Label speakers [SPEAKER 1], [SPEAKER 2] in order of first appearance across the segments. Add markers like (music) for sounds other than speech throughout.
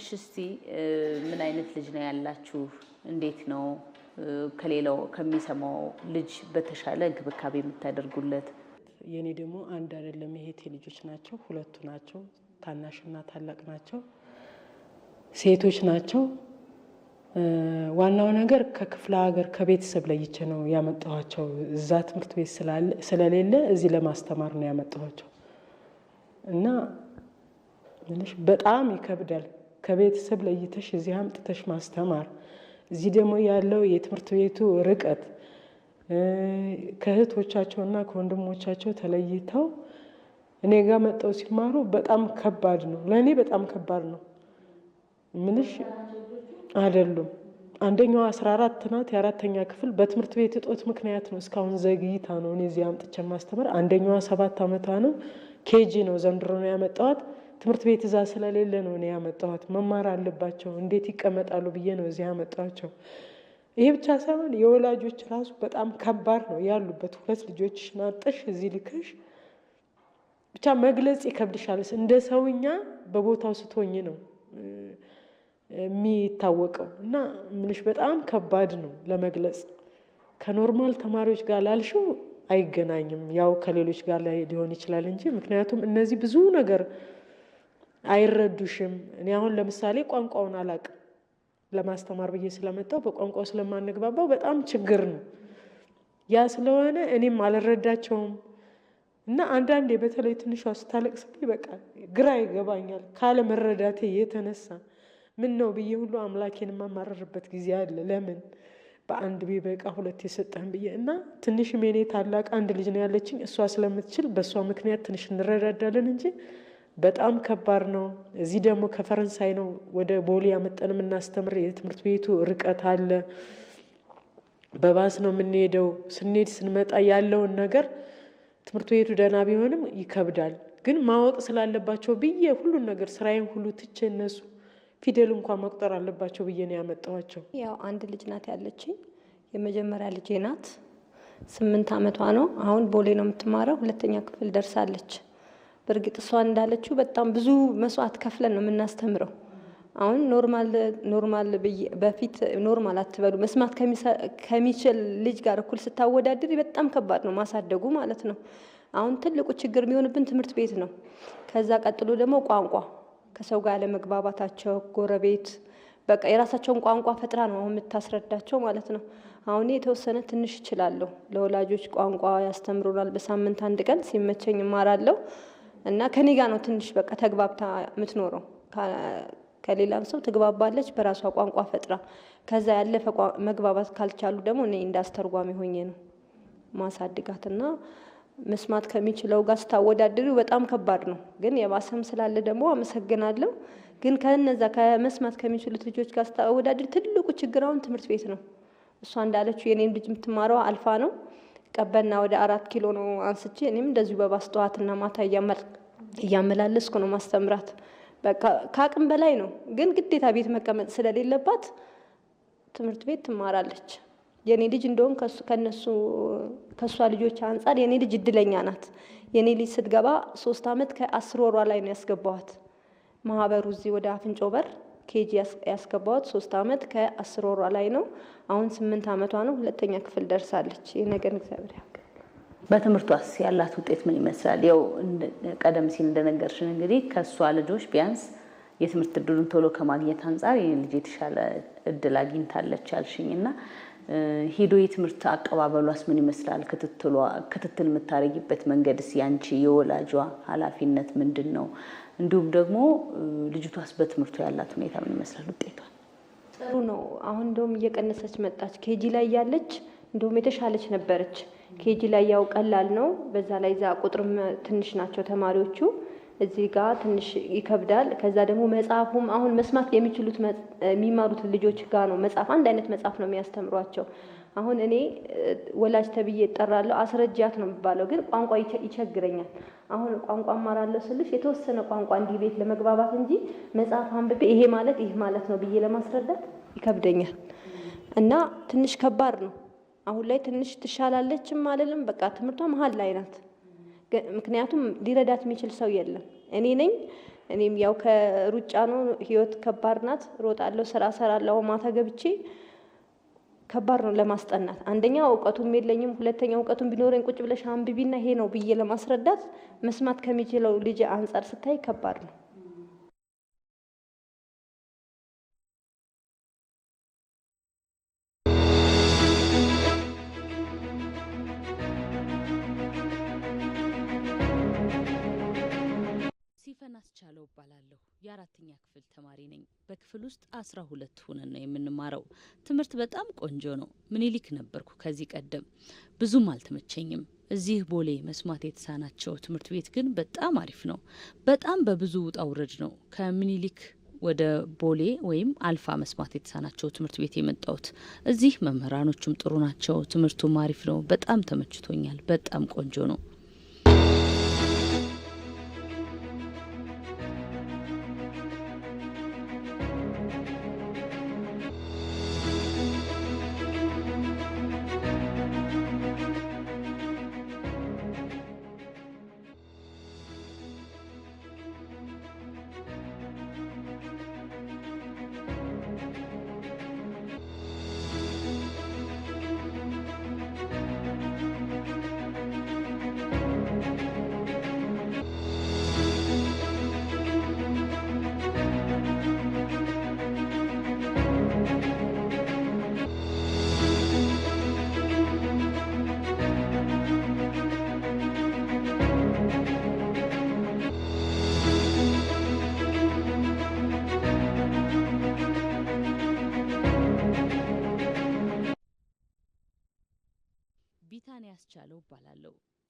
[SPEAKER 1] እሺ እስቲ ምን አይነት ልጅ ነው ያላችሁ? እንዴት ነው ከሌላው ከሚሰማው ልጅ በተሻለ እንክብካቤ የምታደርጉለት? የእኔ ደግሞ
[SPEAKER 2] አንድ አይደለም፣ የእህቴ ልጆች ናቸው፣ ሁለቱ ናቸው፣ ታናሽና ታላቅ ናቸው፣ ሴቶች ናቸው። ዋናው ነገር ከክፍለ ሀገር ከቤተሰብ ለይቼ ነው ያመጣኋቸው። እዛ ትምህርት ቤት ስለሌለ እዚህ ለማስተማር ነው ያመጣኋቸው እና በጣም ይከብዳል። ከቤተሰብ ለይተሽ እዚህ አምጥተሽ ማስተማር፣ እዚህ ደግሞ ያለው የትምህርት ቤቱ ርቀት ከእህቶቻቸውና ከወንድሞቻቸው ተለይተው እኔ ጋር መጠው ሲማሩ በጣም ከባድ ነው። ለእኔ በጣም ከባድ ነው ምንሽ አይደሉም። አንደኛዋ አስራ አራት ናት የአራተኛ ክፍል በትምህርት ቤት እጦት ምክንያት ነው እስካሁን ዘግይታ ነው እኔ እዚህ አምጥቼ ማስተማር። አንደኛዋ ሰባት ዓመቷ ነው ኬጂ ነው ዘንድሮ ነው ያመጣዋት። ትምህርት ቤት እዛ ስለሌለ ነው እኔ ያመጣኋት። መማር አለባቸው እንዴት ይቀመጣሉ ብዬ ነው እዚህ ያመጣቸው ይሄ ብቻ ሳይሆን የወላጆች ራሱ በጣም ከባድ ነው ያሉበት። ሁለት ልጆችሽን አጥተሽ እዚህ ልክሽ ብቻ መግለጽ ይከብድሻል። እንደ ሰውኛ በቦታው ስትሆኝ ነው የሚታወቀው እና ምንሽ በጣም ከባድ ነው ለመግለጽ። ከኖርማል ተማሪዎች ጋር ላልሽው አይገናኝም። ያው ከሌሎች ጋር ላይ ሊሆን ይችላል እንጂ ምክንያቱም እነዚህ ብዙ ነገር አይረዱሽም። እኔ አሁን ለምሳሌ ቋንቋውን አላቅ ለማስተማር ብዬ ስለመጣው በቋንቋው ስለማንግባባው በጣም ችግር ነው። ያ ስለሆነ እኔም አልረዳቸውም እና አንዳንዴ በተለይ ትንሿ ስታለቅስ በቃ ግራ ይገባኛል ካለመረዳቴ የተነሳ ምን ነው ብዬ ሁሉ አምላኬን የማማረርበት ጊዜ አለ። ለምን በአንድ ቢበቃ ሁለት የሰጠን ብዬ እና ትንሽም የኔ ታላቅ አንድ ልጅ ነው ያለችኝ። እሷ ስለምትችል በእሷ ምክንያት ትንሽ እንረዳዳለን እንጂ በጣም ከባድ ነው። እዚህ ደግሞ ከፈረንሳይ ነው ወደ ቦሌ ያመጣን የምናስተምር። የትምህርት ቤቱ ርቀት አለ። በባስ ነው የምንሄደው። ስንሄድ ስንመጣ ያለውን ነገር ትምህርት ቤቱ ደህና ቢሆንም ይከብዳል። ግን ማወቅ ስላለባቸው ብዬ ሁሉን ነገር ስራዬን ሁሉ ትቼ እነሱ ፊደል እንኳን መቁጠር አለባቸው ብዬ ነው ያመጣኋቸው። ያው አንድ ልጅ ናት ያለችኝ፣
[SPEAKER 3] የመጀመሪያ ልጄ ናት። ስምንት ዓመቷ ነው። አሁን ቦሌ ነው የምትማረው። ሁለተኛ ክፍል ደርሳለች። በእርግጥ እሷ እንዳለችው በጣም ብዙ መስዋዕት ከፍለን ነው የምናስተምረው። አሁን ኖርማል ኖርማል በፊት ኖርማል አትበሉ መስማት ከሚችል ልጅ ጋር እኩል ስታወዳድር በጣም ከባድ ነው ማሳደጉ ማለት ነው። አሁን ትልቁ ችግር የሚሆንብን ትምህርት ቤት ነው። ከዛ ቀጥሎ ደግሞ ቋንቋ ከሰው ጋር ለመግባባታቸው ጎረቤት በቃ የራሳቸውን ቋንቋ ፈጥራ ነው አሁን የምታስረዳቸው ማለት ነው። አሁን የተወሰነ ትንሽ እችላለሁ። ለወላጆች ቋንቋ ያስተምሩናል። በሳምንት አንድ ቀን ሲመቸኝ እማራለሁ። እና ከኔ ጋር ነው ትንሽ በቃ ተግባብታ የምትኖረው። ከሌላም ሰው ትግባባለች በራሷ ቋንቋ ፈጥራ። ከዛ ያለፈ መግባባት ካልቻሉ ደግሞ እኔ እንዳስተርጓሚ ሆኜ ነው ማሳድጋት እና መስማት ከሚችለው ጋር ስታወዳድሪው በጣም ከባድ ነው። ግን የባሰም ስላለ ደግሞ አመሰግናለሁ። ግን ከነዛ ከመስማት ከሚችሉት ልጆች ጋር ስታወዳድር ትልቁ ችግር አሁን ትምህርት ቤት ነው። እሷ እንዳለችው የኔም ልጅ የምትማረው አልፋ ነው። ቀበና ወደ አራት ኪሎ ነው አንስቼ እኔም እንደዚሁ በባስ ጠዋትና ማታ እያመላለስኩ ነው ማስተምራት። በቃ ከአቅም በላይ ነው፣ ግን ግዴታ ቤት መቀመጥ ስለሌለባት ትምህርት ቤት ትማራለች። የኔ ልጅ እንደውም ከነሱ ከእሷ ልጆች አንጻር የኔ ልጅ እድለኛ ናት። የኔ ልጅ ስትገባ ሶስት አመት ከአስር ወሯ ላይ ነው ያስገባዋት ማህበሩ እዚህ ወደ አፍንጮ በር ኬጂ ያስገባት ሶስት አመት ከአስር ወሯ ላይ ነው። አሁን ስምንት አመቷ ነው። ሁለተኛ ክፍል ደርሳለች። ይህ ነገር እግዚአብሔር ያውቃል።
[SPEAKER 1] በትምህርቷስ ያላት ውጤት ምን ይመስላል? ያው ቀደም ሲል እንደነገርሽን እንግዲህ ከእሷ ልጆች ቢያንስ የትምህርት እድሉን ቶሎ ከማግኘት አንጻር ይህ ልጅ የተሻለ እድል አግኝታለች አልሽኝ እና ሄዶ የትምህርት አቀባበሏስ ምን ይመስላል? ክትትል የምታደርጊበት መንገድስ ያንቺ የወላጇ ኃላፊነት ምንድን ነው? እንዲሁም ደግሞ ልጅቷስ በትምህርቱ ያላት ሁኔታ ምን ይመስላል? ውጤቷ
[SPEAKER 3] ጥሩ ነው። አሁን እንደውም እየቀነሰች መጣች። ኬጂ ላይ ያለች እንደውም የተሻለች ነበረች። ኬጂ ላይ ያው ቀላል ነው። በዛ ላይ ዛ ቁጥርም ትንሽ ናቸው ተማሪዎቹ እዚህ ጋር ትንሽ ይከብዳል። ከዛ ደግሞ መጽሐፉም አሁን መስማት የሚችሉት የሚማሩት ልጆች ጋር ነው መጽሐፍ አንድ አይነት መጽሐፍ ነው የሚያስተምሯቸው። አሁን እኔ ወላጅ ተብዬ እጠራለሁ፣ አስረጃት ነው የሚባለው። ግን ቋንቋ ይቸግረኛል። አሁን ቋንቋ እማራለሁ ስልሽ የተወሰነ ቋንቋ እንዲህ ቤት ለመግባባት እንጂ መጽሐፍ አንብቤ ይሄ ማለት ይህ ማለት ነው ብዬ ለማስረዳት ይከብደኛል እና ትንሽ ከባድ ነው። አሁን ላይ ትንሽ ትሻላለችም አልልም። በቃ ትምህርቷ መሀል ላይ ናት። ምክንያቱም ሊረዳት የሚችል ሰው የለም። እኔ ነኝ። እኔም ያው ከሩጫ ነው ህይወት ከባድ ናት። ሮጣለሁ፣ ስራ ሰራለሁ፣ ማታ ገብቼ ከባድ ነው ለማስጠናት። አንደኛ እውቀቱም የለኝም፣ ሁለተኛ እውቀቱም ቢኖረኝ ቁጭ ብለሽ አንብቢና ይሄ ነው ብዬ ለማስረዳት መስማት ከሚችለው ልጅ አንጻር ስታይ ከባድ ነው።
[SPEAKER 1] እባላለሁ። የአራተኛ ክፍል ተማሪ ነኝ። በክፍል ውስጥ አስራ ሁለት ሆነን ነው የምንማረው። ትምህርት በጣም ቆንጆ ነው። ምኒልክ ነበርኩ ከዚህ ቀደም ብዙም አልተመቸኝም። እዚህ ቦሌ መስማት የተሳናቸው ትምህርት ቤት ግን በጣም አሪፍ ነው። በጣም በብዙ ውጣ ውረድ ነው ከምኒልክ ወደ ቦሌ ወይም አልፋ መስማት የተሳናቸው ትምህርት ቤት የመጣሁት። እዚህ መምህራኖቹም ጥሩ ናቸው። ትምህርቱም አሪፍ ነው። በጣም ተመችቶኛል። በጣም ቆንጆ ነው።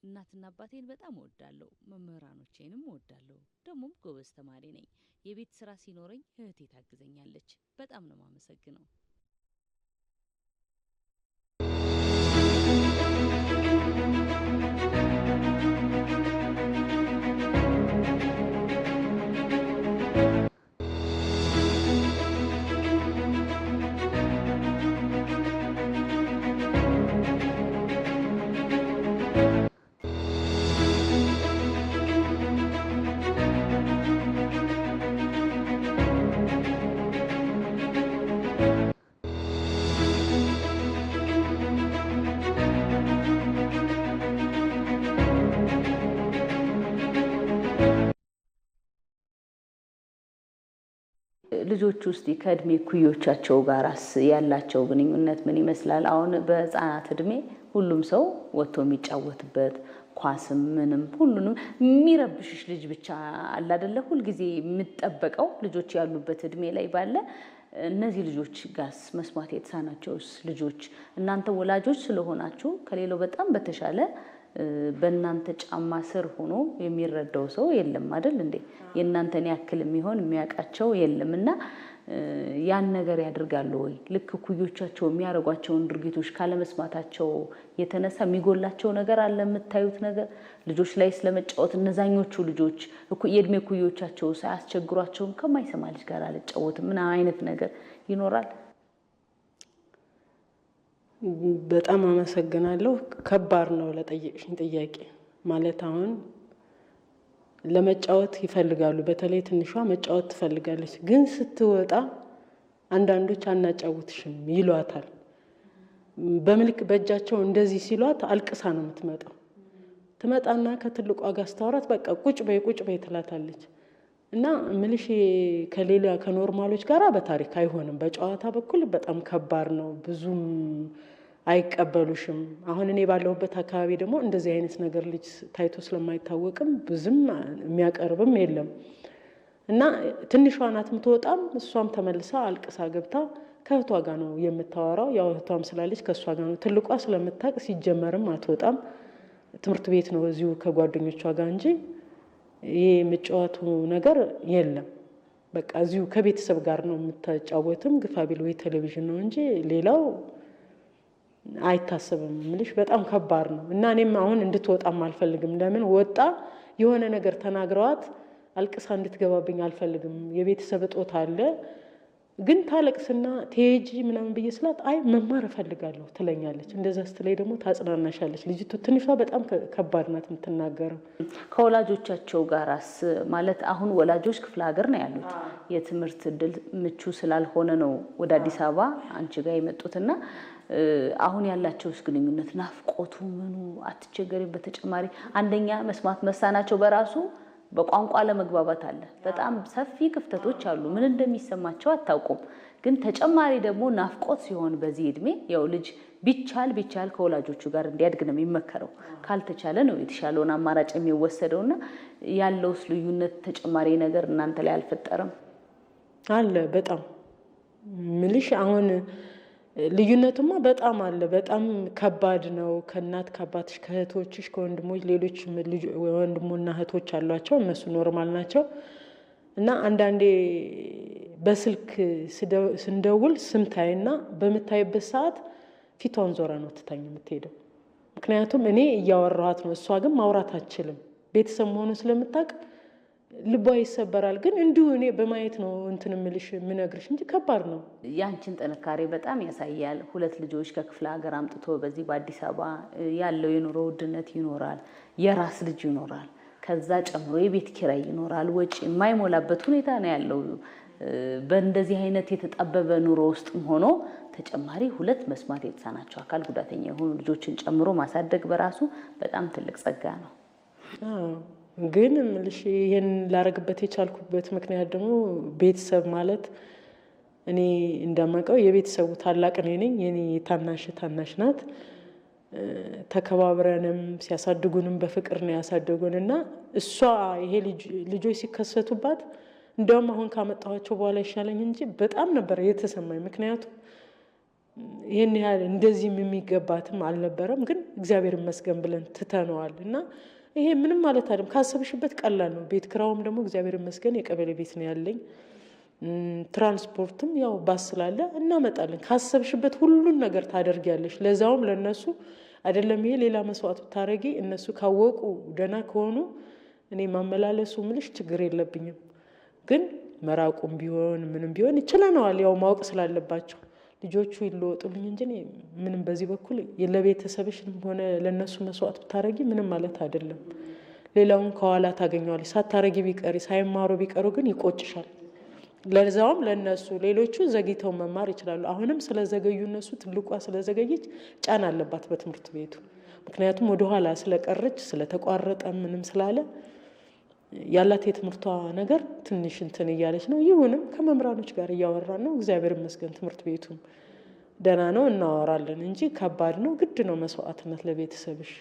[SPEAKER 1] እናትና አባቴን በጣም እወዳለሁ። መምህራኖቼንም እወዳለሁ። ደግሞም ጎበዝ ተማሪ ነኝ። የቤት ስራ ሲኖረኝ እህቴ ታግዘኛለች። በጣም ነው ማመሰግነው። Thank ልጆች ውስጥ ከእድሜ ኩዮቻቸው ጋር ያላቸው ግንኙነት ምን ይመስላል? አሁን በህፃናት እድሜ ሁሉም ሰው ወጥቶ የሚጫወትበት ኳስም ምንም ሁሉንም የሚረብሽሽ ልጅ ብቻ አላደለ ሁልጊዜ የምጠበቀው ልጆች ያሉበት እድሜ ላይ ባለ እነዚህ ልጆች ጋስ መስማት የተሳናቸውስ ልጆች እናንተ ወላጆች ስለሆናችሁ ከሌላው በጣም በተሻለ በእናንተ ጫማ ስር ሆኖ የሚረዳው ሰው የለም አይደል እንዴ? የእናንተን ያክል የሚሆን የሚያውቃቸው የለም። እና ያን ነገር ያደርጋሉ ወይ? ልክ እኩዮቻቸው የሚያደርጓቸውን ድርጊቶች ካለመስማታቸው የተነሳ የሚጎላቸው ነገር አለ? የምታዩት ነገር ልጆች ላይ ስለመጫወት እነዛኞቹ ልጆች የእድሜ ኩዮቻቸው ሳያስቸግሯቸውም ከማይሰማ ልጅ ጋር አልጫወትም ምን አይነት ነገር ይኖራል።
[SPEAKER 2] በጣም አመሰግናለሁ። ከባድ ነው ለጠየቅሽኝ ጥያቄ ማለት አሁን ለመጫወት ይፈልጋሉ። በተለይ ትንሿ መጫወት ትፈልጋለች፣ ግን ስትወጣ አንዳንዶች አናጫውትሽም ይሏታል። በምልክ በእጃቸው እንደዚህ ሲሏት አልቅሳ ነው የምትመጣው። ትመጣና ከትልቋ ጋር ስታወራት በቃ ቁጭ በይ ቁጭ በይ ትላታለች። እና ምልሽ ከሌላ ከኖርማሎች ጋር በታሪክ አይሆንም። በጨዋታ በኩል በጣም ከባድ ነው። ብዙም አይቀበሉሽም። አሁን እኔ ባለሁበት አካባቢ ደግሞ እንደዚህ አይነት ነገር ልጅ ታይቶ ስለማይታወቅም ብዙም የሚያቀርብም የለም እና ትንሿ ናት የምትወጣም እሷም ተመልሳ አልቅሳ ገብታ ከእህቷ ጋር ነው የምታወራው። ያው እህቷም ስላለች ከእሷ ጋር ነው። ትልቋ ስለምታቅ ሲጀመርም አትወጣም። ትምህርት ቤት ነው እዚሁ ከጓደኞቿ ጋር እንጂ ይሄ የመጫወቱ ነገር የለም። በቃ እዚሁ ከቤተሰብ ጋር ነው የምታጫወትም። ግፋቢል ወይ ቴሌቪዥን ነው እንጂ ሌላው አይታሰብም። ምልሽ በጣም ከባድ ነው እና እኔም አሁን እንድትወጣም አልፈልግም። ለምን ወጣ የሆነ ነገር ተናግረዋት አልቅሳ እንድትገባብኝ አልፈልግም። የቤተሰብ እጦት አለ ግን ታለቅስና ቴጂ ምናምን ብዬ ስላት አይ መማር እፈልጋለሁ ትለኛለች።
[SPEAKER 1] እንደዛ ስትለኝ ደግሞ ታጽናናሻለች። ልጅቱ ትንሿ በጣም ከባድ ናት የምትናገረው። ከወላጆቻቸው ጋራስ ማለት አሁን ወላጆች ክፍለ ሀገር ነው ያሉት፣ የትምህርት እድል ምቹ ስላልሆነ ነው ወደ አዲስ አበባ አንቺ ጋር የመጡትና አሁን ያላቸውስ ግንኙነት ናፍቆቱ ምኑ አትቸገሪ። በተጨማሪ አንደኛ መስማት መሳናቸው በራሱ በቋንቋ ለመግባባት አለ። በጣም ሰፊ ክፍተቶች አሉ። ምን እንደሚሰማቸው አታውቁም። ግን ተጨማሪ ደግሞ ናፍቆት ሲሆን በዚህ እድሜ ያው ልጅ ቢቻል ቢቻል ከወላጆቹ ጋር እንዲያድግ ነው የሚመከረው። ካልተቻለ ነው የተሻለውን አማራጭ የሚወሰደው። እና ያለውስ ልዩነት ተጨማሪ ነገር እናንተ ላይ አልፈጠረም? አለ
[SPEAKER 2] በጣም ምልሽ አሁን ልዩነቱማ በጣም አለ። በጣም ከባድ ነው። ከእናት ከአባትሽ፣ ከእህቶችሽ፣ ከወንድሞች ሌሎች ወንድሞና እህቶች አሏቸው። እነሱ ኖርማል ናቸው እና አንዳንዴ በስልክ ስንደውል ስምታይና በምታይበት ሰዓት ፊቷን ዞረ ነው ትታኝ የምትሄደው። ምክንያቱም እኔ እያወራኋት ነው፣ እሷ ግን ማውራት አትችልም። ቤተሰብ መሆኑን ስለምታውቅ ልቧ ይሰበራል። ግን እንዲሁ እኔ በማየት ነው እንትን ምልሽ
[SPEAKER 1] የምነግርሽ እንጂ ከባድ ነው። ያንቺን ጥንካሬ በጣም ያሳያል። ሁለት ልጆች ከክፍለ ሀገር አምጥቶ በዚህ በአዲስ አበባ ያለው የኑሮ ውድነት ይኖራል፣ የራስ ልጅ ይኖራል፣ ከዛ ጨምሮ የቤት ኪራይ ይኖራል። ወጪ የማይሞላበት ሁኔታ ነው ያለው። በእንደዚህ አይነት የተጣበበ ኑሮ ውስጥም ሆኖ ተጨማሪ ሁለት መስማት የተሳናቸው አካል ጉዳተኛ የሆኑ ልጆችን ጨምሮ ማሳደግ በራሱ በጣም ትልቅ ጸጋ ነው።
[SPEAKER 2] ግን ምልሽ ይህን ላረግበት የቻልኩበት ምክንያት ደግሞ ቤተሰብ ማለት እኔ እንደማውቀው የቤተሰቡ ታላቅ እኔ ነኝ። የኔ ታናሽ ታናሽ ናት። ተከባብረንም ሲያሳድጉንም በፍቅር ነው ያሳደጉን እና እሷ ይሄ ልጆች ሲከሰቱባት እንዲያውም አሁን ካመጣኋቸው በኋላ ይሻለኝ እንጂ በጣም ነበር የተሰማኝ። ምክንያቱም ይህን ያህል እንደዚህም የሚገባትም አልነበረም። ግን እግዚአብሔር ይመስገን ብለን ትተነዋል እና ይሄ ምንም ማለት አይደለም። ካሰብሽበት ቀላል ነው። ቤት ክራውም ደግሞ እግዚአብሔር ይመስገን የቀበሌ ቤት ነው ያለኝ። ትራንስፖርትም ያው ባስ ስላለ እናመጣለን። ካሰብሽበት ሁሉን ነገር ታደርጊያለሽ። ለዛውም ለእነሱ አይደለም ይሄ ሌላ መስዋዕት ብታረጊ እነሱ ካወቁ ደህና ከሆኑ እኔ ማመላለሱ ምልሽ ችግር የለብኝም። ግን መራቁም ቢሆን ምንም ቢሆን ይችለነዋል፣ ያው ማወቅ ስላለባቸው ልጆቹ ይለወጡልኝ እንጂ ምንም በዚህ በኩል ለቤተሰብሽም ሆነ ለእነሱ መስዋዕት ብታረጊ ምንም ማለት አይደለም። ሌላውን ከኋላ ታገኘዋለሽ። ሳታረጊ ቢቀሪ ሳይማሩ ቢቀሩ ግን ይቆጭሻል። ለዛውም ለእነሱ ሌሎቹ ዘግይተው መማር ይችላሉ። አሁንም ስለዘገዩ እነሱ ትልቋ ስለዘገየች ጫና አለባት በትምህርት ቤቱ። ምክንያቱም ወደኋላ ስለቀረች ስለተቋረጠ ምንም ስላለ ያላት የትምህርቷ ነገር ትንሽ እንትን እያለች ነው። ይሁንም ከመምህራኖች ጋር እያወራን ነው። እግዚአብሔር ይመስገን ትምህርት ቤቱም ደህና ነው። እናወራለን እንጂ ከባድ ነው። ግድ ነው። መስዋዕትነት ለቤተሰብሽ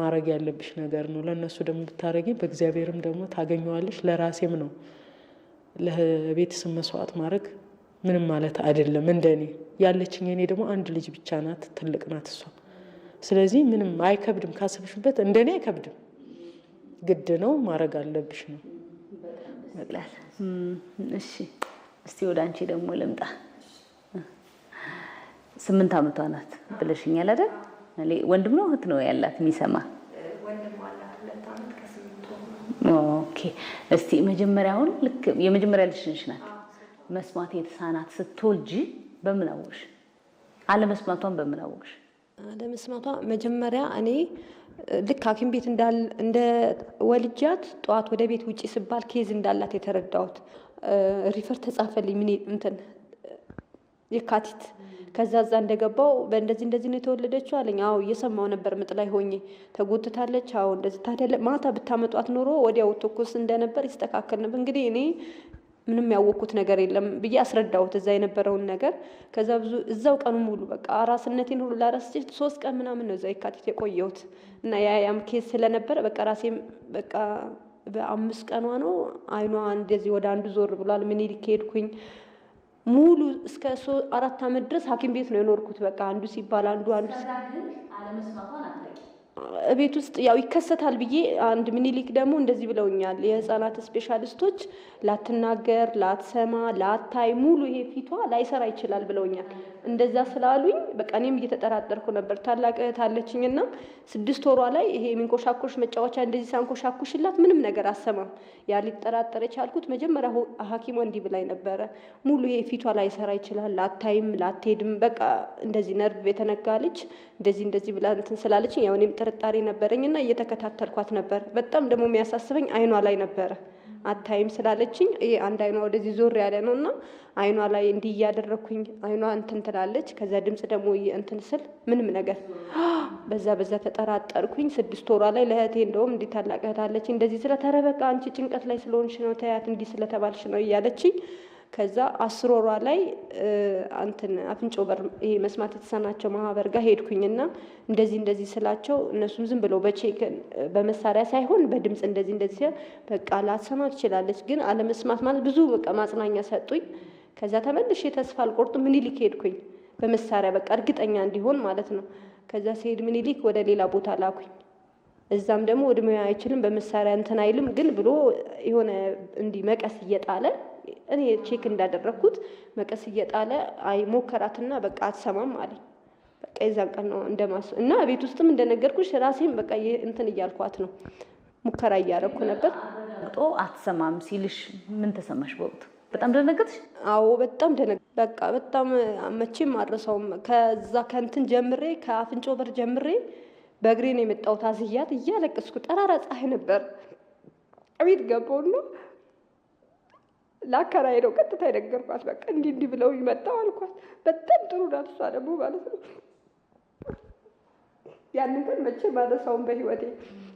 [SPEAKER 2] ማድረግ ያለብሽ ነገር ነው። ለእነሱ ደግሞ ብታረጊ በእግዚአብሔርም ደግሞ ታገኘዋለሽ። ለራሴም ነው ለቤተሰብ መስዋዕት ማድረግ ምንም ማለት አይደለም። እንደኔ ያለችኝ እኔ ደግሞ አንድ ልጅ ብቻ ናት። ትልቅ ናት እሷ። ስለዚህ ምንም አይከብድም። ካሰብሽበት እንደኔ አይከብድም። ግድ
[SPEAKER 1] ነው ማድረግ አለብሽ ነው ይበቅላል። እሺ እስቲ ወደ አንቺ ደግሞ ልምጣ። ስምንት ዓመቷ ናት ብለሽኛል አይደል? ወንድም ነው እህት ነው ያላት የሚሰማ? ኦኬ። እስቲ አሁን ልክ የመጀመሪያ ልጅሽ ናት። መስማት የተሳናት ስትወልጂ በምን አወቅሽ? አለመስማቷን በምን አወቅሽ?
[SPEAKER 3] አለመስማቷ መጀመሪያ እኔ ልክ ሐኪም ቤት እንደ ወልጃት ጠዋት ወደ ቤት ውጭ ስባል ኬዝ እንዳላት የተረዳሁት ሪፈር ተጻፈልኝ። ምን እንትን የካቲት ከዛ ዛ እንደገባው በእንደዚህ እንደዚህ ነው የተወለደችው አለኝ። አዎ እየሰማው ነበር። ምጥ ላይ ሆኜ ተጎትታለች። አዎ እንደዚህ ታደለ ማታ ብታመጧት ኖሮ ወዲያው ትኩስ እንደነበር ይስተካከል ነበር። እንግዲህ እኔ ምንም ያወቅኩት ነገር የለም ብዬ አስረዳሁት፣ እዛ የነበረውን ነገር። ከዛ ብዙ እዛው ቀኑ ሙሉ በቃ ራስነቴን ሁሉ ላረስ ሶስት ቀን ምናምን ነው እዛ የካቲት የቆየሁት እና ያያም ኬስ ስለነበረ በቃ ራሴም በቃ በአምስት ቀኗ ነው አይኗ እንደዚህ ወደ አንዱ ዞር ብሏል። ምኒልክ ሄድኩኝ ሙሉ እስከ አራት ዓመት ድረስ ሐኪም ቤት ነው የኖርኩት። በቃ አንዱ ሲባል አንዱ አንዱ ቤት ውስጥ ያው ይከሰታል ብዬ አንድ ምኒሊክ ደግሞ እንደዚህ ብለውኛል። የህፃናት ስፔሻሊስቶች ላትናገር፣ ላትሰማ፣ ላታይ ሙሉ ይሄ ፊቷ ላይሰራ ይችላል ብለውኛል። እንደዛ ስላሉኝ በቃ እኔም እየተጠራጠርኩ ነበር። ታላቅ እህት አለችኝ እና ስድስት ወሯ ላይ ይሄ የሚንኮሻኮሽ መጫወቻ እንደዚህ ሳንኮሻኩሽላት ምንም ነገር አሰማም። ያ ሊጠራጠር የቻልኩት መጀመሪያ ሐኪሟ እንዲህ ብላኝ ነበረ። ሙሉ ይሄ ፊቷ ላይ ሰራ ይችላል፣ ላታይም፣ ላትሄድም በቃ እንደዚህ ነርቭ የተነጋለች እንደዚህ እንደዚህ ብላ እንትን ስላለችኝ ያው እኔም ጥርጣሬ ነበረኝ እየተከታተልኳት ነበር። በጣም ደግሞ የሚያሳስበኝ አይኗ ላይ ነበረ አታይም ስላለችኝ ይሄ አንድ አይኗ ወደዚህ ዞር ያለ ነው እና አይኗ ላይ እንዲህ እያደረግኩኝ አይኗ እንትን ትላለች። ከዛ ድምፅ ደግሞ እንትን ስል ምንም ነገር (gasps) በዛ በዛ ተጠራጠርኩኝ። ስድስት ወሯ ላይ ለእህቴ እንደውም እንዲህ ታላቅ እህት አለችኝ እንደዚህ ስለተረበቃ አንቺ ጭንቀት ላይ ስለሆንሽ ነው ተያት እንዲህ ስለተባልሽ ነው እያለችኝ ከዛ አስር ላይ አንትን አፍንጮ በር ይሄ መስማት የተሳናቸው ማህበር ጋር ሄድኩኝና እንደዚህ እንደዚህ ስላቸው እነሱም ዝም ብለው በቼክ በመሳሪያ ሳይሆን በድምፅ እንደዚህ እንደዚህ ሲሆን በቃ ላትሰማ ትችላለች፣ ግን አለመስማት ማለት ብዙ በቃ ማጽናኛ ሰጡኝ። ከዛ ተመልሼ ተስፋ አልቆርጥም ምኒልክ ሄድኩኝ በመሳሪያ በቃ እርግጠኛ እንዲሆን ማለት ነው። ከዛ ሲሄድ ምኒልክ ወደ ሌላ ቦታ ላኩኝ። እዛም ደግሞ እድሜ አይችልም በመሳሪያ እንትን አይልም ግን ብሎ የሆነ እንዲህ መቀስ እየጣለ እኔ ቼክ እንዳደረግኩት መቀስ እየጣለ አይ ሞከራትና በቃ አትሰማም አለኝ። በቃ የዛን ቀን ነው እንደማስ እና ቤት ውስጥም እንደነገርኩሽ ራሴም በቃ እንትን እያልኳት
[SPEAKER 1] ነው ሙከራ እያደረግኩ ነበር። ጦ አትሰማም ሲልሽ ምን ተሰማሽ በወቅቱ? በጣም ደነገጥሽ? አዎ
[SPEAKER 3] በጣም ደነ በቃ በጣም መቼም አድረሰውም። ከዛ ከእንትን ጀምሬ ከአፍንጮ በር ጀምሬ በእግሬ ነው የመጣሁት። አዝያት እያለቀስኩ ጠራራ ፀሐይ ነበር።
[SPEAKER 4] ቤት ገባውና ለአከራዬ ነው ቀጥታ የነገርኳት። በቃ እንዲህ እንዲህ ብለው ይመጣው አልኳት። በጣም ጥሩ ናት እሷ ደግሞ ማለት ነው።
[SPEAKER 3] ያንን ግን መቼ ማነሳውን በህይወቴ።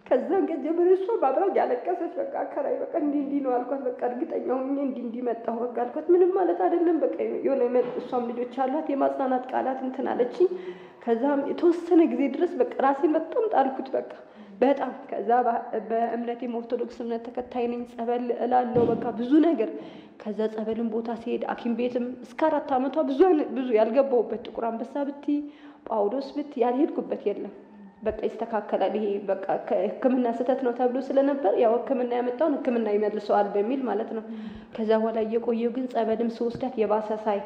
[SPEAKER 3] ከዛን ቀን ጀምሮ እሷ ባብራኝ ያለቀሰች። በቃ አከራይ በቃ እንዲህ እንዲህ ነው አልኳት። በቃ እርግጠኛ ሆኜ እንዲህ እንዲህ መጣሁ በቃ አልኳት። ምንም ማለት አይደለም በቃ የሆነ እሷም ልጆች አሏት። የማጽናናት ቃላት እንትን አለችኝ። ከዛም የተወሰነ ጊዜ ድረስ በቃ ራሴን በጣም ጣልኩት በቃ በጣም ከዛ በእምነቴም ኦርቶዶክስ እምነት ተከታይ ነኝ። ጸበል እላለሁ በቃ ብዙ ነገር። ከዛ ጸበልን ቦታ ሲሄድ ሐኪም ቤትም እስከ አራት ዓመቷ ብዙ ብዙ ያልገባሁበት ጥቁር አንበሳ ብቲ ጳውሎስ ብት ያልሄድኩበት የለም። በቃ ይስተካከላል ይሄ በቃ ሕክምና ስህተት ነው ተብሎ ስለነበር ያው ሕክምና ያመጣውን ሕክምና ይመልሰዋል በሚል ማለት ነው። ከዛ በኋላ እየቆየው ግን ጸበልም ስወስዳት የባሰ ሳይ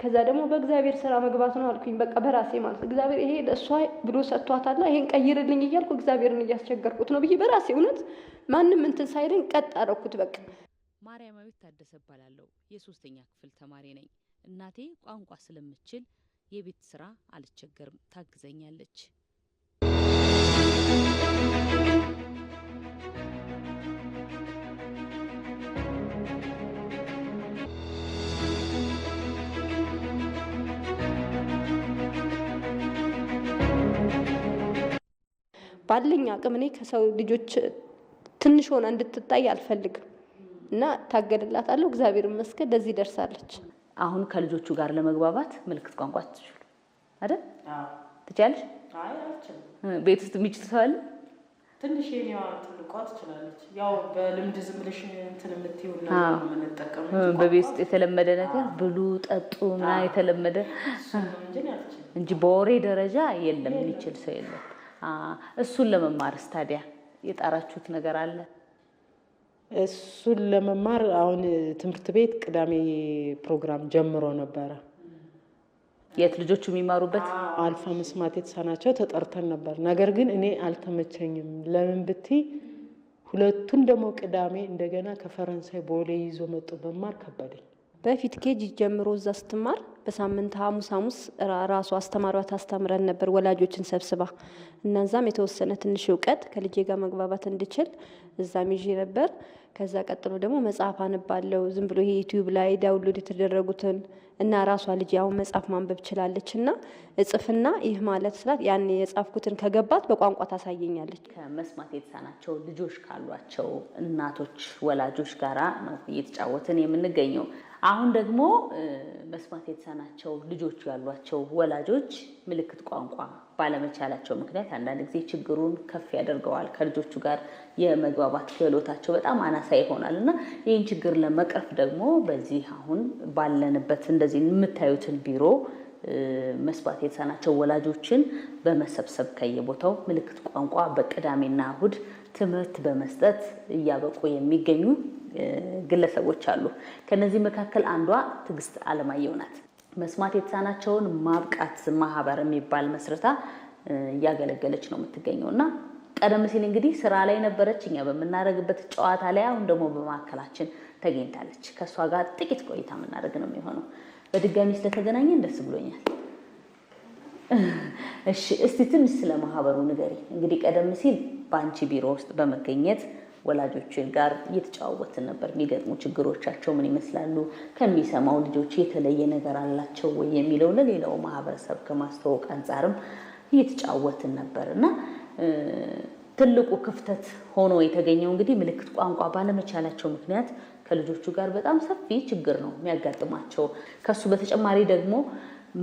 [SPEAKER 3] ከዛ ደግሞ በእግዚአብሔር ስራ መግባት ነው አልኩኝ። በቃ በራሴ ማለት እግዚአብሔር ይሄ ለእሷ ብሎ ሰጥቷታልና ይሄን ቀይርልኝ እያልኩ እግዚአብሔርን እያስቸገርኩት ነው ብዬ በራሴ እውነት ማንም እንትን ሳይለኝ ቀጥ አረኩት። በቃ
[SPEAKER 1] ማርያማዊ ታደሰ እባላለሁ። የሶስተኛ ክፍል ተማሪ ነኝ። እናቴ ቋንቋ ስለምችል የቤት ስራ አልቸገርም፣ ታግዘኛለች።
[SPEAKER 3] ባለኝ አቅም እኔ ከሰው ልጆች ትንሽ ሆና እንድትታይ አልፈልግም እና ታገድላታለሁ። እግዚአብሔር ይመስገን ለዚህ ደርሳለች።
[SPEAKER 1] አሁን ከልጆቹ ጋር ለመግባባት ምልክት ቋንቋ ትችሉ አይደል? ትችያለሽ? ቤት ውስጥ የሚችል ሰው አለ?
[SPEAKER 2] ትንሽ የኔዋ ትልቋ ትችላለች። ያው በልምድ ዝም ብለሽ እንትን የምትይውን የምንጠቀመው
[SPEAKER 1] በቤት ውስጥ የተለመደ ነገር ብሉ ጠጡ ምናምን የተለመደ እንጂ በወሬ ደረጃ የለም የሚችል ሰው የለም። እሱን ለመማርስ ታዲያ የጣራችሁት ነገር አለ?
[SPEAKER 2] እሱን ለመማር አሁን ትምህርት ቤት ቅዳሜ ፕሮግራም ጀምሮ ነበረ። የት ልጆቹ የሚማሩበት አልፋ መስማት የተሳናቸው ተጠርተን ነበር። ነገር ግን እኔ አልተመቸኝም። ለምን ብቲ ሁለቱን ደግሞ ቅዳሜ እንደገና ከፈረንሳይ ቦሌ ይዞ መጡ። መማር ከበደኝ። በፊት ኬጅ
[SPEAKER 3] ጀምሮ እዛ ስትማር በሳምንት ሐሙስ ሐሙስ ራሱ አስተማሪዋ ታስተምረን ነበር ወላጆችን ሰብስባ። እነዛም የተወሰነ ትንሽ እውቀት ከልጄ ጋር መግባባት እንድችል እዛም ይዤ ነበር። ከዛ ቀጥሎ ደግሞ መጽሐፍ አንባለው ዝም ብሎ ይሄ ዩቲዩብ ላይ ዳውንሎድ የተደረጉትን እና ራሷ ልጅ አሁን መጽሐፍ ማንበብ ችላለች እና እጽፍና ይህ ማለት ስላት ያን
[SPEAKER 1] የጻፍኩትን ከገባት በቋንቋ ታሳየኛለች። ከመስማት የተሳናቸው ልጆች ካሏቸው እናቶች፣ ወላጆች ጋራ ነው እየተጫወትን የምንገኘው። አሁን ደግሞ መስማት የተሳናቸው ልጆች ያሏቸው ወላጆች ምልክት ቋንቋ ባለመቻላቸው ምክንያት አንዳንድ ጊዜ ችግሩን ከፍ ያደርገዋል። ከልጆቹ ጋር የመግባባት ክህሎታቸው በጣም አናሳ ይሆናል እና ይህን ችግር ለመቅረፍ ደግሞ በዚህ አሁን ባለንበት እንደዚህ የምታዩትን ቢሮ መስማት የተሳናቸው ወላጆችን በመሰብሰብ ከየቦታው ምልክት ቋንቋ በቅዳሜና እሁድ ትምህርት በመስጠት እያበቁ የሚገኙ ግለሰቦች አሉ። ከነዚህ መካከል አንዷ ትዕግስት አለማየሁ ናት። መስማት የተሳናቸውን ማብቃት ማህበር የሚባል መስረታ እያገለገለች ነው የምትገኘው እና ቀደም ሲል እንግዲህ ስራ ላይ ነበረች፣ እኛ በምናደርግበት ጨዋታ ላይ፣ አሁን ደግሞ በመካከላችን ተገኝታለች። ከእሷ ጋር ጥቂት ቆይታ የምናደርግ ነው የሚሆነው። በድጋሚ ስለተገናኘን ደስ ብሎኛል። እሺ፣ እስቲ ትንሽ ስለ ማህበሩ ንገሪ። እንግዲህ ቀደም ሲል በአንቺ ቢሮ ውስጥ በመገኘት ወላጆች ጋር እየተጫወትን ነበር። የሚገጥሙ ችግሮቻቸው ምን ይመስላሉ፣ ከሚሰማው ልጆች የተለየ ነገር አላቸው ወይ የሚለው ለሌላው ማህበረሰብ ከማስተዋወቅ አንጻርም እየተጫወትን ነበር እና ትልቁ ክፍተት ሆኖ የተገኘው እንግዲህ ምልክት ቋንቋ ባለመቻላቸው ምክንያት ከልጆቹ ጋር በጣም ሰፊ ችግር ነው የሚያጋጥማቸው። ከሱ በተጨማሪ ደግሞ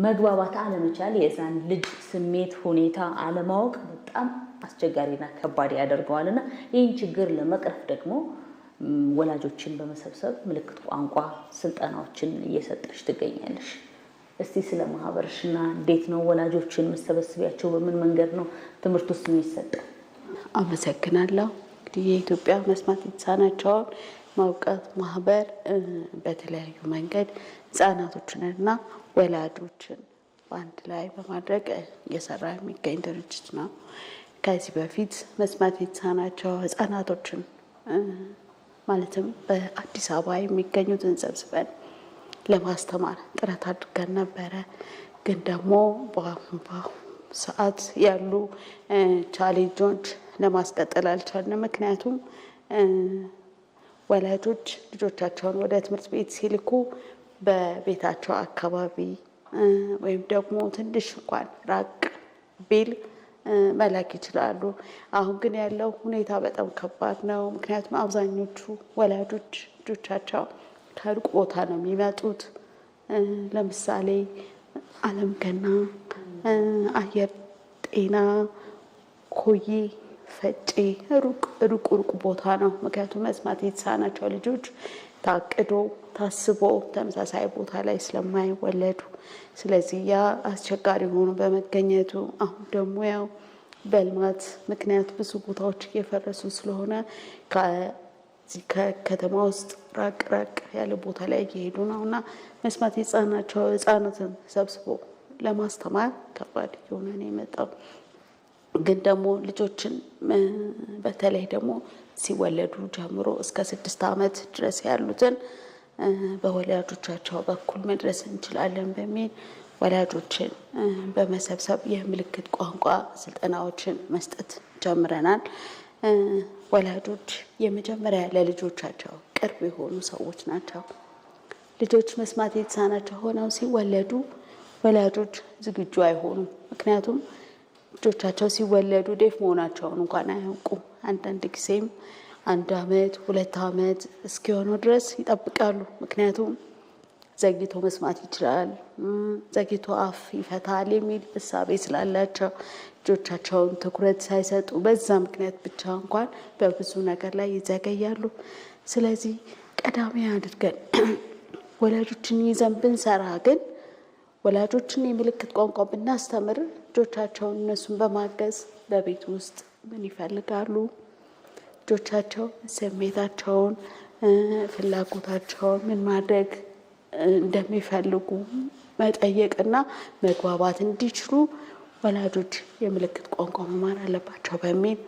[SPEAKER 1] መግባባት አለመቻል የዛን ልጅ ስሜት ሁኔታ አለማወቅ በጣም አስቸጋሪና ከባድ ያደርገዋል እና ይህን ችግር ለመቅረፍ ደግሞ ወላጆችን በመሰብሰብ ምልክት ቋንቋ ስልጠናዎችን እየሰጠች ትገኛለሽ። እስቲ ስለ ማህበርሽና እንዴት ነው ወላጆችን መሰበስቢያቸው? በምን
[SPEAKER 4] መንገድ ነው ትምህርት ውስጥ የሚሰጠው? አመሰግናለሁ። እንግዲህ የኢትዮጵያ መስማት የተሳናቸውን ማውቀት ማህበር በተለያዩ መንገድ ህጻናቶችንና ወላጆችን በአንድ ላይ በማድረግ እየሰራ የሚገኝ ድርጅት ነው። ከዚህ በፊት መስማት የተሳናቸው ህጻናቶችን ማለትም በአዲስ አበባ የሚገኙትን ሰብስበን ለማስተማር ጥረት አድርገን ነበረ። ግን ደግሞ ሰዓት ያሉ ቻሌንጆች ለማስቀጠል አልቻልንም። ምክንያቱም ወላጆች ልጆቻቸውን ወደ ትምህርት ቤት ሲልኩ በቤታቸው አካባቢ ወይም ደግሞ ትንሽ እንኳን ራቅ ቢል መላክ ይችላሉ። አሁን ግን ያለው ሁኔታ በጣም ከባድ ነው። ምክንያቱም አብዛኞቹ ወላጆች ልጆቻቸው ከሩቅ ቦታ ነው የሚመጡት። ለምሳሌ አለም ገና፣ አየር ጤና፣ ኮዬ ፈጬ ሩቅ ሩቅ ቦታ ነው። ምክንያቱም መስማት የተሳናቸው ልጆች ታቅዶ ታስቦ ተመሳሳይ ቦታ ላይ ስለማይወለዱ ስለዚህ ያ አስቸጋሪ ሆኖ በመገኘቱ አሁን ደግሞ ያው በልማት ምክንያት ብዙ ቦታዎች እየፈረሱ ስለሆነ ከከተማ ውስጥ ራቅ ራቅ ያለ ቦታ ላይ እየሄዱ ነው እና መስማት የጻናቸው ህጻናትን ሰብስቦ ለማስተማር ከባድ እየሆነ ነው የመጣው። ግን ደግሞ ልጆችን በተለይ ደግሞ ሲወለዱ ጀምሮ እስከ ስድስት ዓመት ድረስ ያሉትን በወላጆቻቸው በኩል መድረስ እንችላለን በሚል ወላጆችን በመሰብሰብ የምልክት ቋንቋ ስልጠናዎችን መስጠት ጀምረናል። ወላጆች የመጀመሪያ ለልጆቻቸው ቅርብ የሆኑ ሰዎች ናቸው። ልጆች መስማት የተሳናቸው ሆነው ሲወለዱ ወላጆች ዝግጁ አይሆኑም። ምክንያቱም ልጆቻቸው ሲወለዱ ዴፍ መሆናቸውን እንኳን አያውቁም። አንዳንድ ጊዜም አንድ አመት ሁለት አመት እስኪሆነው ድረስ ይጠብቃሉ። ምክንያቱም ዘግይቶ መስማት ይችላል፣ ዘግይቶ አፍ ይፈታል የሚል እሳቤ ስላላቸው ልጆቻቸውን ትኩረት ሳይሰጡ በዛ ምክንያት ብቻ እንኳን በብዙ ነገር ላይ ይዘገያሉ። ስለዚህ ቀዳሚ አድርገን (clears throat) ወላጆችን ይዘን ብንሰራ ግን ወላጆችን የምልክት ቋንቋ ብናስተምር ልጆቻቸውን እነሱን በማገዝ በቤት ውስጥ ምን ይፈልጋሉ ልጆቻቸው ስሜታቸውን፣ ፍላጎታቸውን ምን ማድረግ እንደሚፈልጉ መጠየቅና መግባባት እንዲችሉ ወላጆች የምልክት ቋንቋ መማር አለባቸው በሚል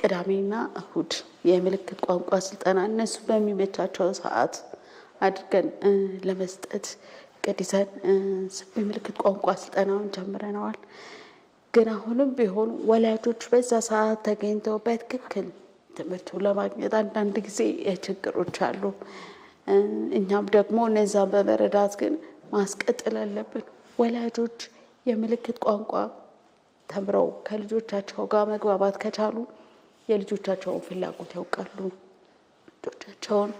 [SPEAKER 4] ቅዳሜና እሁድ የምልክት ቋንቋ ስልጠና እነሱ በሚመቻቸው ሰዓት አድርገን ለመስጠት ቅድ ይዘን የምልክት ቋንቋ ስልጠናውን ጀምረነዋል። ግን አሁንም ቢሆን ወላጆች በዛ ሰዓት ተገኝተው በትክክል ትምህርቱን ለማግኘት አንዳንድ ጊዜ ችግሮች አሉ። እኛም ደግሞ እነዛ በመረዳት ግን ማስቀጠል አለብን። ወላጆች የምልክት ቋንቋ ተምረው ከልጆቻቸው ጋር መግባባት ከቻሉ የልጆቻቸውን ፍላጎት ያውቃሉ። ልጆቻቸውን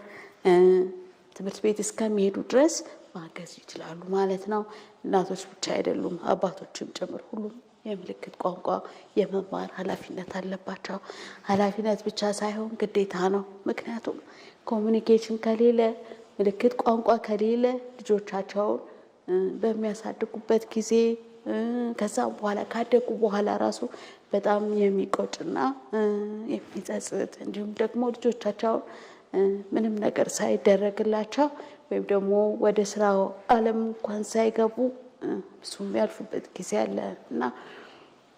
[SPEAKER 4] ትምህርት ቤት እስከሚሄዱ ድረስ ማገዝ ይችላሉ ማለት ነው። እናቶች ብቻ አይደሉም፣ አባቶችም ጭምር ሁሉም የምልክት ቋንቋ የመማር ኃላፊነት አለባቸው። ኃላፊነት ብቻ ሳይሆን ግዴታ ነው። ምክንያቱም ኮሚኒኬሽን ከሌለ ምልክት ቋንቋ ከሌለ ልጆቻቸውን በሚያሳድጉበት ጊዜ ከዛ በኋላ ካደጉ በኋላ ራሱ በጣም የሚቆጭና የሚጸጽት እንዲሁም ደግሞ ልጆቻቸውን ምንም ነገር ሳይደረግላቸው ወይም ደግሞ ወደ ስራው ዓለም እንኳን ሳይገቡ ብዙም ያልፉበት ጊዜ አለ እና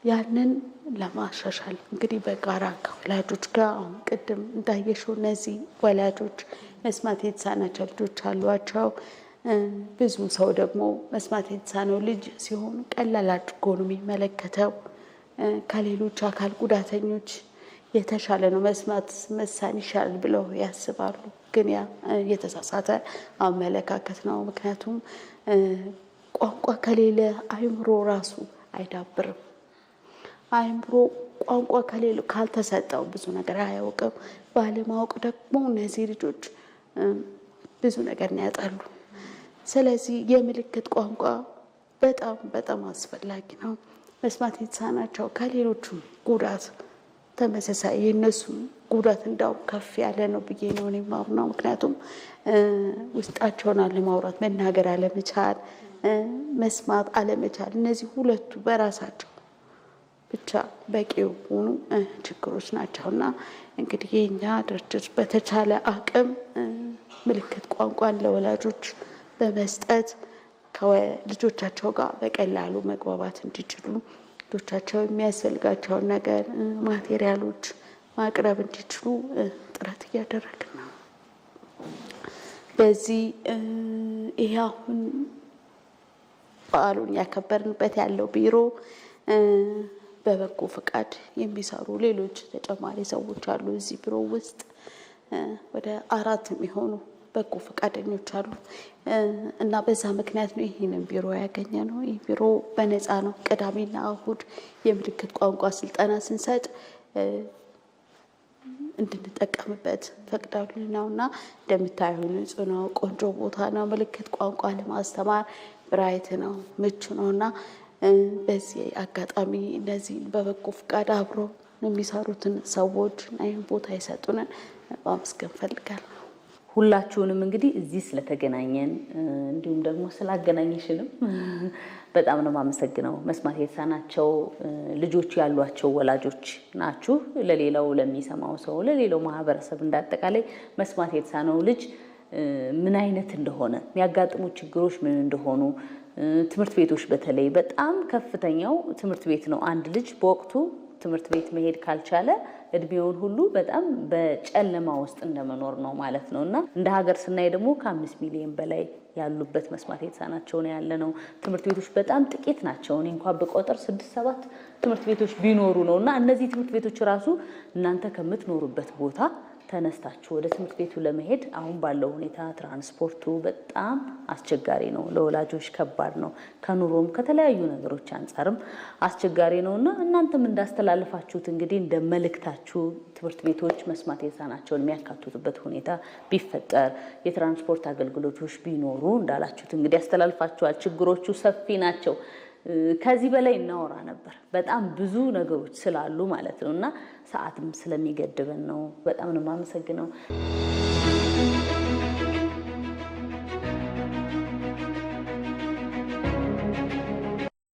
[SPEAKER 4] ያንን ለማሻሻል እንግዲህ በጋራ ከወላጆች ጋር አሁን ቅድም እንዳየሽው እነዚህ ወላጆች መስማት የተሳናቸው ልጆች አሏቸው። ብዙ ሰው ደግሞ መስማት የተሳነው ልጅ ሲሆን ቀላል አድርጎ ነው የሚመለከተው። ከሌሎች አካል ጉዳተኞች የተሻለ ነው መስማት መሳን ይሻላል ብለው ያስባሉ። ግን ያ የተሳሳተ አመለካከት ነው። ምክንያቱም ቋንቋ ከሌለ አይምሮ ራሱ አይዳብርም። አይምሮ ቋንቋ ከሌለ ካልተሰጠው ብዙ ነገር አያውቅም። ባለማወቅ ደግሞ እነዚህ ልጆች ብዙ ነገር ያጠሉ። ስለዚህ የምልክት ቋንቋ በጣም በጣም አስፈላጊ ነው። መስማት የተሳናቸው ከሌሎቹም ጉዳት ተመሳሳይ የእነሱ ጉዳት እንዳውም ከፍ ያለ ነው ብዬ ነው እኔ የማምነው። ምክንያቱም ውስጣቸውን አለማውራት፣ መናገር አለመቻል መስማት አለመቻል፣ እነዚህ ሁለቱ በራሳቸው ብቻ በቂ የሆኑ ችግሮች ናቸው እና እንግዲህ የኛ ድርጅት በተቻለ አቅም ምልክት ቋንቋን ለወላጆች በመስጠት ከልጆቻቸው ጋር በቀላሉ መግባባት እንዲችሉ ልጆቻቸው የሚያስፈልጋቸውን ነገር ማቴሪያሎች ማቅረብ እንዲችሉ ጥረት እያደረግን ነው። በዚህ ይሄ አሁን በዓሉን ያከበርንበት ያለው ቢሮ በበጎ ፈቃድ የሚሰሩ ሌሎች ተጨማሪ ሰዎች አሉ። እዚህ ቢሮ ውስጥ ወደ አራት የሚሆኑ በጎ ፈቃደኞች አሉ እና በዛ ምክንያት ነው ይህንን ቢሮ ያገኘ ነው። ይህ ቢሮ በነፃ ነው። ቅዳሜና እሁድ የምልክት ቋንቋ ስልጠና ስንሰጥ እንድንጠቀምበት ነው እና እንደምታየው ንጹህ ነው። ቆንጆ ቦታ ነው። ምልክት ቋንቋ ለማስተማር ብራይት ነው፣ ምቹ ነው እና በዚህ አጋጣሚ እነዚህን በበጎ ፍቃድ አብሮ የሚሰሩትን ሰዎች ይህን ቦታ የሰጡንን ማመስገን ፈልጋል።
[SPEAKER 1] ሁላችሁንም እንግዲህ እዚህ ስለተገናኘን እንዲሁም ደግሞ ስላገናኘሽንም በጣም ነው የማመሰግነው። መስማት የተሳናቸው ልጆች ያሏቸው ወላጆች ናችሁ። ለሌላው ለሚሰማው ሰው፣ ለሌላው ማህበረሰብ እንዳጠቃላይ መስማት የተሳነው ልጅ ምን አይነት እንደሆነ የሚያጋጥሙ ችግሮች ምን እንደሆኑ ትምህርት ቤቶች በተለይ በጣም ከፍተኛው ትምህርት ቤት ነው። አንድ ልጅ በወቅቱ ትምህርት ቤት መሄድ ካልቻለ እድሜውን ሁሉ በጣም በጨለማ ውስጥ እንደመኖር ነው ማለት ነው እና እንደ ሀገር ስናይ ደግሞ ከአምስት ሚሊዮን በላይ ያሉበት መስማት የተሳናቸው ነው ያለ ነው። ትምህርት ቤቶች በጣም ጥቂት ናቸው። እኔ እንኳ በቆጠር ስድስት ሰባት ትምህርት ቤቶች ቢኖሩ ነው እና እነዚህ ትምህርት ቤቶች ራሱ እናንተ ከምትኖሩበት ቦታ ተነስታችሁ ወደ ትምህርት ቤቱ ለመሄድ አሁን ባለው ሁኔታ ትራንስፖርቱ በጣም አስቸጋሪ ነው፣ ለወላጆች ከባድ ነው፣ ከኑሮም ከተለያዩ ነገሮች አንጻርም አስቸጋሪ ነው እና እናንተም እንዳስተላለፋችሁት እንግዲህ እንደ መልእክታችሁ ትምህርት ቤቶች መስማት የተሳናቸውን የሚያካቱትበት ሁኔታ ቢፈጠር የትራንስፖርት አገልግሎቶች ቢኖሩ እንዳላችሁት እንግዲህ ያስተላልፋችኋል። ችግሮቹ ሰፊ ናቸው። ከዚህ በላይ እናወራ ነበር። በጣም ብዙ ነገሮች ስላሉ ማለት ነው እና ሰዓትም ስለሚገድበን ነው። በጣም ነው የማመሰግነው።